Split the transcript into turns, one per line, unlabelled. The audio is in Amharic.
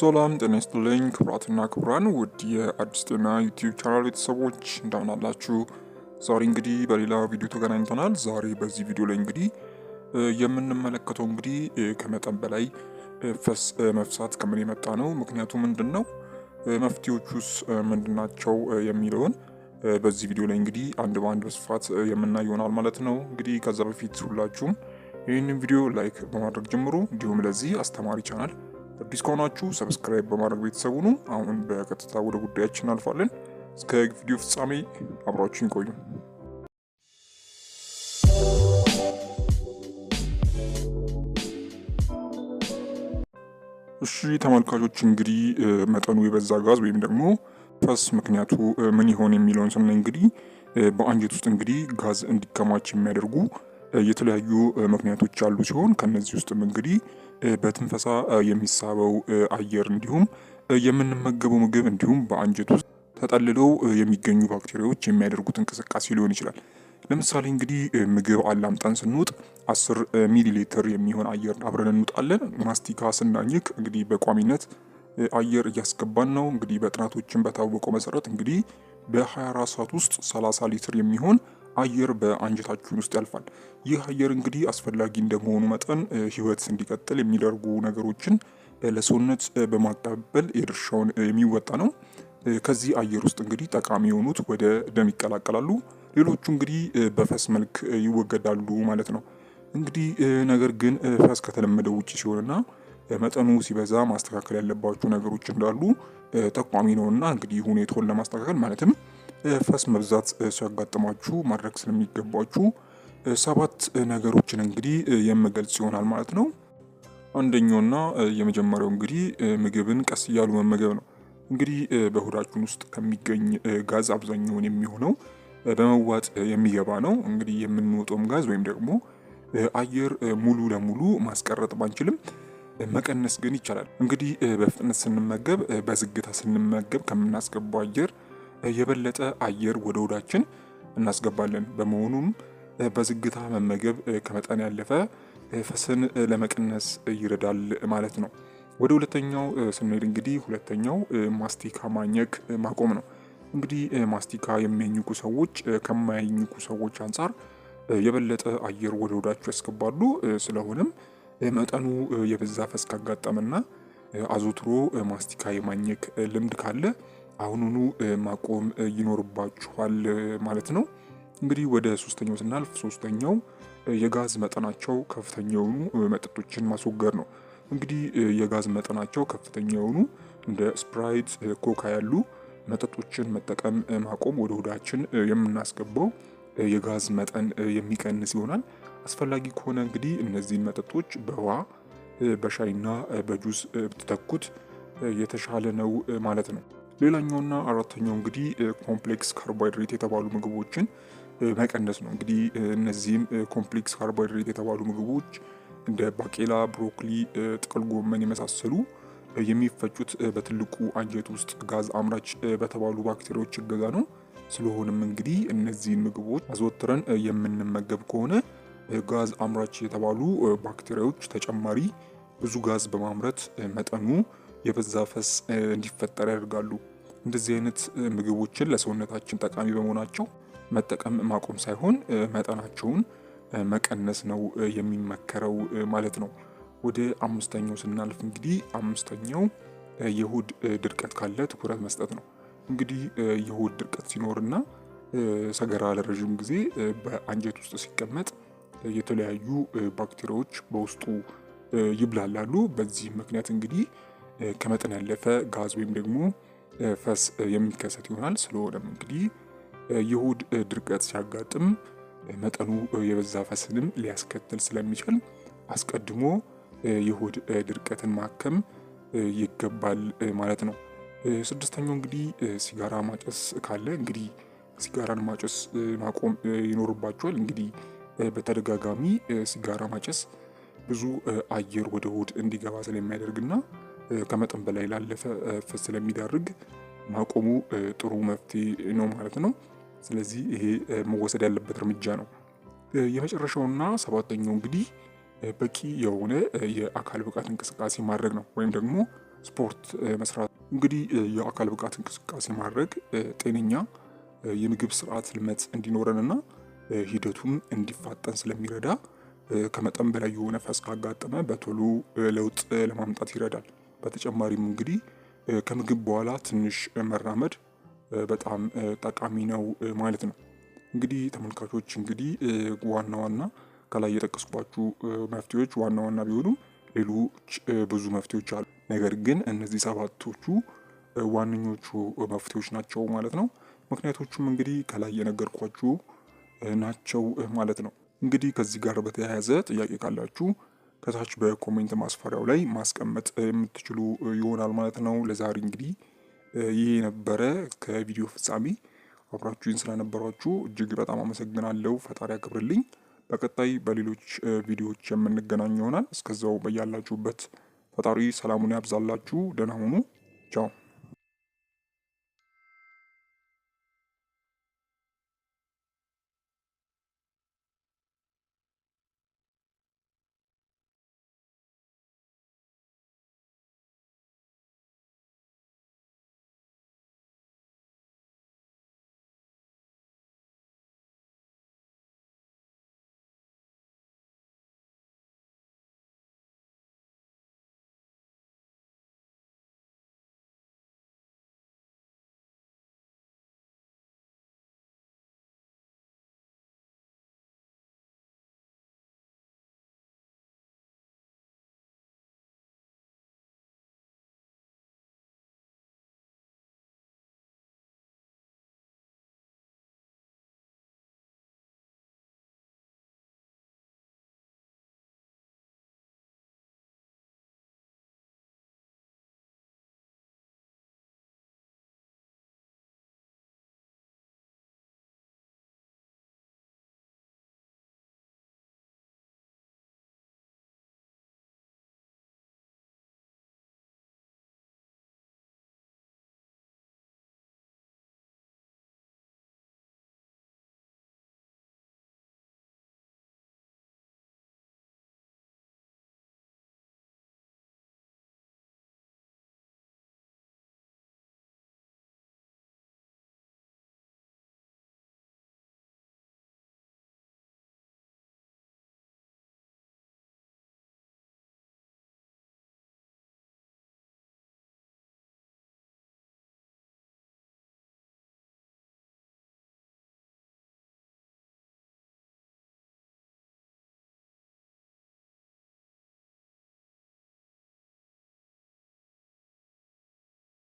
ሰላም ጤና ይስጥልኝ ክቡራትና ክቡራን ውድ የአዲስ ጤና ዩቲዩብ ቻናል ቤተሰቦች እንደምናላችሁ። ዛሬ እንግዲህ በሌላ ቪዲዮ ተገናኝተናል። ዛሬ በዚህ ቪዲዮ ላይ እንግዲህ የምንመለከተው እንግዲህ ከመጠን በላይ መፍሳት ከምን የመጣ ነው? ምክንያቱ ምንድን ነው? መፍትሄዎቹስ ምንድናቸው? የሚለውን በዚህ ቪዲዮ ላይ እንግዲህ አንድ በአንድ በስፋት የምናይ ይሆናል ማለት ነው። እንግዲህ ከዛ በፊት ሁላችሁም ይህንን ቪዲዮ ላይክ በማድረግ ጀምሩ። እንዲሁም ለዚህ አስተማሪ ቻናል አዲስ ከሆናችሁ ሰብስክራይብ በማድረግ ቤተሰቡ ነው። አሁን በቀጥታ ወደ ጉዳያችን እናልፋለን። እስከ ቪዲዮ ፍጻሜ አብራችሁን ቆዩ። እሺ ተመልካቾች እንግዲህ መጠኑ የበዛ ጋዝ ወይም ደግሞ ፈስ ምክንያቱ ምን ይሆን የሚለውን ስናይ እንግዲህ በአንጀት ውስጥ እንግዲህ ጋዝ እንዲከማች የሚያደርጉ የተለያዩ ምክንያቶች አሉ ሲሆን ከነዚህ ውስጥም እንግዲህ በትንፈሳ የሚሳበው አየር እንዲሁም የምንመገበው ምግብ እንዲሁም በአንጀት ውስጥ ተጠልለው የሚገኙ ባክቴሪያዎች የሚያደርጉት እንቅስቃሴ ሊሆን ይችላል። ለምሳሌ እንግዲህ ምግብ አላምጠን ስንውጥ አስር ሚሊ ሊትር የሚሆን አየር አብረን እንውጣለን። ማስቲካ ስናኝክ እንግዲህ በቋሚነት አየር እያስገባን ነው። እንግዲህ በጥናቶችን በታወቀው መሰረት እንግዲህ በ24 ሰዓት ውስጥ 30 ሊትር የሚሆን አየር በአንጀታችን ውስጥ ያልፋል። ይህ አየር እንግዲህ አስፈላጊ እንደመሆኑ መጠን ህይወት እንዲቀጥል የሚደርጉ ነገሮችን ለሰውነት በማቀበል የድርሻውን የሚወጣ ነው። ከዚህ አየር ውስጥ እንግዲህ ጠቃሚ የሆኑት ወደ ደም ይቀላቀላሉ፣ ሌሎቹ እንግዲህ በፈስ መልክ ይወገዳሉ ማለት ነው። እንግዲህ ነገር ግን ፈስ ከተለመደው ውጭ ሲሆንና መጠኑ ሲበዛ ማስተካከል ያለባቸው ነገሮች እንዳሉ ጠቋሚ ነውና እንግዲህ ሁኔታውን ለማስተካከል ማለትም የፈስ መብዛት ሲያጋጥማችሁ ማድረግ ስለሚገባችሁ ሰባት ነገሮችን እንግዲህ የምገልጽ ይሆናል ማለት ነው። አንደኛውና የመጀመሪያው እንግዲህ ምግብን ቀስ እያሉ መመገብ ነው። እንግዲህ በሆዳችን ውስጥ ከሚገኝ ጋዝ አብዛኛውን የሚሆነው በመዋጥ የሚገባ ነው። እንግዲህ የምንወጣውም ጋዝ ወይም ደግሞ አየር ሙሉ ለሙሉ ማስቀረጥ ባንችልም መቀነስ ግን ይቻላል። እንግዲህ በፍጥነት ስንመገብ፣ በዝግታ ስንመገብ ከምናስገባው አየር የበለጠ አየር ወደ ሆዳችን እናስገባለን። በመሆኑም በዝግታ መመገብ ከመጠን ያለፈ ፈስን ለመቀነስ ይረዳል ማለት ነው። ወደ ሁለተኛው ስንሄድ እንግዲህ ሁለተኛው ማስቲካ ማኘክ ማቆም ነው። እንግዲህ ማስቲካ የሚያኝኩ ሰዎች ከማያኝኩ ሰዎች አንጻር የበለጠ አየር ወደ ሆዳቸው ያስገባሉ። ስለሆነም መጠኑ የበዛ ፈስ ካጋጠመና አዘውትሮ ማስቲካ የማኘክ ልምድ ካለ አሁኑኑ ማቆም ይኖርባችኋል ማለት ነው። እንግዲህ ወደ ሶስተኛው ስናልፍ ሶስተኛው የጋዝ መጠናቸው ከፍተኛ የሆኑ መጠጦችን ማስወገድ ነው። እንግዲህ የጋዝ መጠናቸው ከፍተኛ የሆኑ እንደ ስፕራይት፣ ኮካ ያሉ መጠጦችን መጠቀም ማቆም ወደ ሆዳችን የምናስገባው የጋዝ መጠን የሚቀንስ ይሆናል። አስፈላጊ ከሆነ እንግዲህ እነዚህን መጠጦች በውሃ በሻይና በጁስ ብትተኩት የተሻለ ነው ማለት ነው። ሌላኛውና አራተኛው እንግዲህ ኮምፕሌክስ ካርቦሃይድሬት የተባሉ ምግቦችን መቀነስ ነው። እንግዲህ እነዚህም ኮምፕሌክስ ካርቦሃይድሬት የተባሉ ምግቦች እንደ ባቄላ፣ ብሮኮሊ፣ ጥቅል ጎመን የመሳሰሉ የሚፈጩት በትልቁ አንጀት ውስጥ ጋዝ አምራች በተባሉ ባክቴሪያዎች እገዛ ነው። ስለሆነም እንግዲህ እነዚህን ምግቦች አዘወትረን የምንመገብ ከሆነ ጋዝ አምራች የተባሉ ባክቴሪያዎች ተጨማሪ ብዙ ጋዝ በማምረት መጠኑ የበዛ ፈስ እንዲፈጠር ያደርጋሉ። እንደዚህ አይነት ምግቦችን ለሰውነታችን ጠቃሚ በመሆናቸው መጠቀም ማቆም ሳይሆን መጠናቸውን መቀነስ ነው የሚመከረው ማለት ነው። ወደ አምስተኛው ስናልፍ እንግዲህ አምስተኛው የሆድ ድርቀት ካለ ትኩረት መስጠት ነው። እንግዲህ የሆድ ድርቀት ሲኖርና ሰገራ ለረዥም ጊዜ በአንጀት ውስጥ ሲቀመጥ የተለያዩ ባክቴሪያዎች በውስጡ ይብላላሉ። በዚህ ምክንያት እንግዲህ ከመጠን ያለፈ ጋዝ ወይም ደግሞ ፈስ የሚከሰት ይሆናል። ስለሆነም እንግዲህ የሆድ ድርቀት ሲያጋጥም መጠኑ የበዛ ፈስንም ሊያስከትል ስለሚችል አስቀድሞ የሆድ ድርቀትን ማከም ይገባል ማለት ነው። ስድስተኛው እንግዲህ ሲጋራ ማጨስ ካለ እንግዲህ ሲጋራን ማጨስ ማቆም ይኖርባቸዋል። እንግዲህ በተደጋጋሚ ሲጋራ ማጨስ ብዙ አየር ወደ ሆድ እንዲገባ ስለሚያደርግና ከመጠን በላይ ላለፈ እፈት ስለሚዳርግ ማቆሙ ጥሩ መፍትሄ ነው ማለት ነው። ስለዚህ ይሄ መወሰድ ያለበት እርምጃ ነው። የመጨረሻውና ሰባተኛው እንግዲህ በቂ የሆነ የአካል ብቃት እንቅስቃሴ ማድረግ ነው ወይም ደግሞ ስፖርት መስራት። እንግዲህ የአካል ብቃት እንቅስቃሴ ማድረግ ጤነኛ የምግብ ስርዓት ልመት እንዲኖረንና ሂደቱም እንዲፋጠን ስለሚረዳ ከመጠን በላይ የሆነ ፈስ ካጋጠመ በቶሎ ለውጥ ለማምጣት ይረዳል። በተጨማሪም እንግዲህ ከምግብ በኋላ ትንሽ መራመድ በጣም ጠቃሚ ነው ማለት ነው። እንግዲህ ተመልካቾች እንግዲህ ዋና ዋና ከላይ የጠቀስኳችሁ መፍትሄዎች ዋና ዋና ቢሆኑም ሌሎች ብዙ መፍትሄዎች አሉ። ነገር ግን እነዚህ ሰባቶቹ ዋነኞቹ መፍትሄዎች ናቸው ማለት ነው። ምክንያቶቹም እንግዲህ ከላይ የነገርኳችሁ ናቸው ማለት ነው። እንግዲህ ከዚህ ጋር በተያያዘ ጥያቄ ካላችሁ ከታች በኮሜንት ማስፈሪያው ላይ ማስቀመጥ የምትችሉ ይሆናል ማለት ነው። ለዛሬ እንግዲህ ይህ የነበረ ከቪዲዮ ፍጻሜ አብራችሁን ስለነበሯችሁ እጅግ በጣም አመሰግናለሁ። ፈጣሪ ያክብርልኝ። በቀጣይ በሌሎች ቪዲዮዎች የምንገናኝ ይሆናል። እስከዛው በያላችሁበት ፈጣሪ ሰላሙን ያብዛላችሁ። ደህና ሁኑ። ቻው